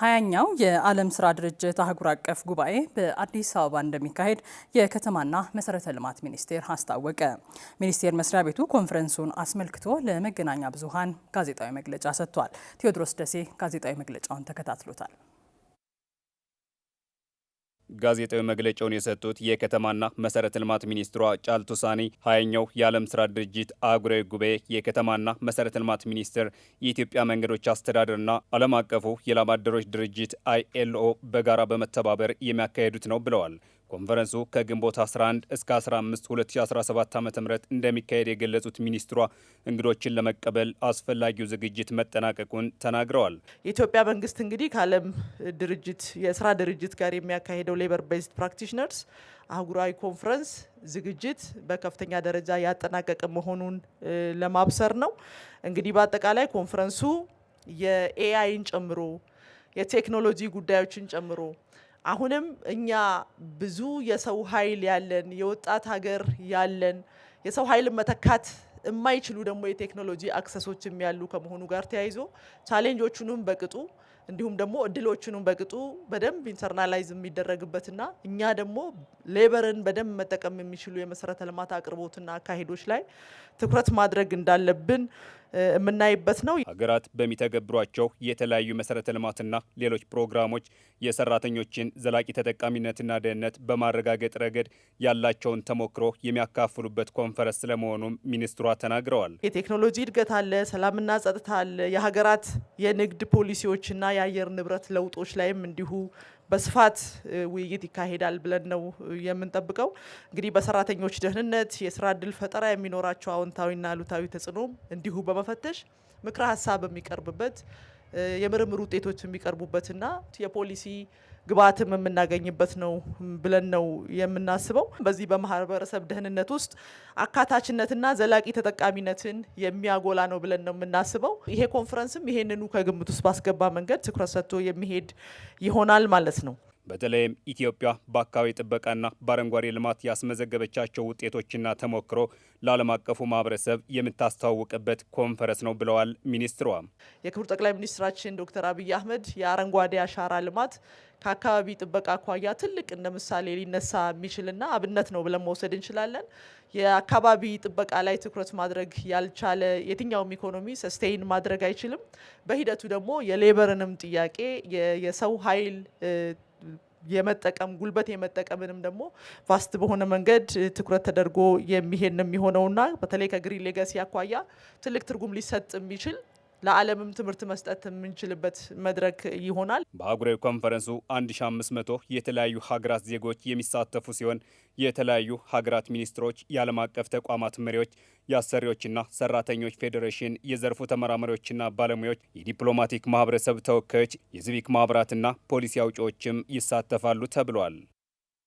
ሀያኛው የዓለም ስራ ድርጅት አህጉር አቀፍ ጉባኤ በአዲስ አበባ እንደሚካሄድ የከተማና መሰረተ ልማት ሚኒስቴር አስታወቀ። ሚኒስቴር መስሪያ ቤቱ ኮንፈረንሱን አስመልክቶ ለመገናኛ ብዙኃን ጋዜጣዊ መግለጫ ሰጥቷል። ቴዎድሮስ ደሴ ጋዜጣዊ መግለጫውን ተከታትሎታል። ጋዜጣዊ መግለጫውን የሰጡት የከተማና መሰረተ ልማት ሚኒስትሯ ጫልቱ ሳኒ ሀያኛው የዓለም ስራ ድርጅት አህጉራዊ ጉባኤ የከተማና መሰረተ ልማት ሚኒስትር የኢትዮጵያ መንገዶች አስተዳደርና ዓለም አቀፉ የላብ ድርጅት አይኤልኦ በጋራ በመተባበር የሚያካሄዱት ነው ብለዋል። ኮንፈረንሱ ከግንቦት 11 እስከ 15 2017 ዓ ም እንደሚካሄድ የገለጹት ሚኒስትሯ እንግዶችን ለመቀበል አስፈላጊው ዝግጅት መጠናቀቁን ተናግረዋል። የኢትዮጵያ መንግስት እንግዲህ ከዓለም ድርጅት የስራ ድርጅት ጋር የሚያካሄደው ሌበር ቤዝድ ፕራክቲሽነርስ አህጉራዊ ኮንፈረንስ ዝግጅት በከፍተኛ ደረጃ ያጠናቀቀ መሆኑን ለማብሰር ነው። እንግዲህ በአጠቃላይ ኮንፈረንሱ የኤአይን ጨምሮ የቴክኖሎጂ ጉዳዮችን ጨምሮ አሁንም እኛ ብዙ የሰው ኃይል ያለን የወጣት ሀገር ያለን የሰው ኃይልን መተካት የማይችሉ ደግሞ የቴክኖሎጂ አክሰሶችም ያሉ ከመሆኑ ጋር ተያይዞ ቻሌንጆቹንም በቅጡ እንዲሁም ደግሞ እድሎቹንም በቅጡ በደንብ ኢንተርናላይዝ የሚደረግበትና እኛ ደግሞ ሌበርን በደንብ መጠቀም የሚችሉ የመሰረተ ልማት አቅርቦትና አካሄዶች ላይ ትኩረት ማድረግ እንዳለብን የምናይበት ነው። ሀገራት በሚተገብሯቸው የተለያዩ መሰረተ ልማትና ሌሎች ፕሮግራሞች የሰራተኞችን ዘላቂ ተጠቃሚነትና ደህንነት በማረጋገጥ ረገድ ያላቸውን ተሞክሮ የሚያካፍሉበት ኮንፈረንስ ስለመሆኑም ሚኒስትሯ ተናግረዋል። የቴክኖሎጂ እድገት አለ፣ ሰላምና ጸጥታ አለ። የሀገራት የንግድ ፖሊሲዎችና የአየር ንብረት ለውጦች ላይም እንዲሁ በስፋት ውይይት ይካሄዳል ብለን ነው የምንጠብቀው። እንግዲህ በሰራተኞች ደህንነት፣ የስራ እድል ፈጠራ የሚኖራቸው አዎንታዊና አሉታዊ ተጽዕኖ እንዲሁ በመፈተሽ ምክረ ሀሳብ የሚቀርብበት የምርምር ውጤቶች የሚቀርቡበትና የፖሊሲ ግብዓትም የምናገኝበት ነው ብለን ነው የምናስበው። በዚህ በማህበረሰብ ደህንነት ውስጥ አካታችነትና ዘላቂ ተጠቃሚነትን የሚያጎላ ነው ብለን ነው የምናስበው። ይሄ ኮንፈረንስም ይሄንኑ ከግምት ውስጥ ባስገባ መንገድ ትኩረት ሰጥቶ የሚሄድ ይሆናል ማለት ነው። በተለይም ኢትዮጵያ በአካባቢ ጥበቃና በአረንጓዴ ልማት ያስመዘገበቻቸው ውጤቶችና ተሞክሮ ለዓለም አቀፉ ማህበረሰብ የምታስተዋውቅበት ኮንፈረንስ ነው ብለዋል ሚኒስትሯ። የክቡር ጠቅላይ ሚኒስትራችን ዶክተር አብይ አህመድ የአረንጓዴ አሻራ ልማት ከአካባቢ ጥበቃ አኳያ ትልቅ እንደ ምሳሌ ሊነሳ የሚችልና አብነት ነው ብለን መውሰድ እንችላለን። የአካባቢ ጥበቃ ላይ ትኩረት ማድረግ ያልቻለ የትኛውም ኢኮኖሚ ሰስቴይን ማድረግ አይችልም። በሂደቱ ደግሞ የሌበርንም ጥያቄ የሰው ኃይል የመጠቀም ጉልበት የመጠቀምንም ደግሞ ፋስት በሆነ መንገድ ትኩረት ተደርጎ የሚሄድ ነው የሚሆነውና በተለይ ከግሪን ሌጋሲ አኳያ ትልቅ ትርጉም ሊሰጥ የሚችል ለዓለምም ትምህርት መስጠት የምንችልበት መድረክ ይሆናል። በአህጉራዊ ኮንፈረንሱ 1500 የተለያዩ ሀገራት ዜጎች የሚሳተፉ ሲሆን የተለያዩ ሀገራት ሚኒስትሮች፣ የዓለም አቀፍ ተቋማት መሪዎች፣ የአሰሪዎችና ሰራተኞች ፌዴሬሽን፣ የዘርፉ ተመራማሪዎችና ባለሙያዎች፣ የዲፕሎማቲክ ማህበረሰብ ተወካዮች፣ የሲቪክ ማህበራትና ፖሊሲ አውጪዎችም ይሳተፋሉ ተብሏል።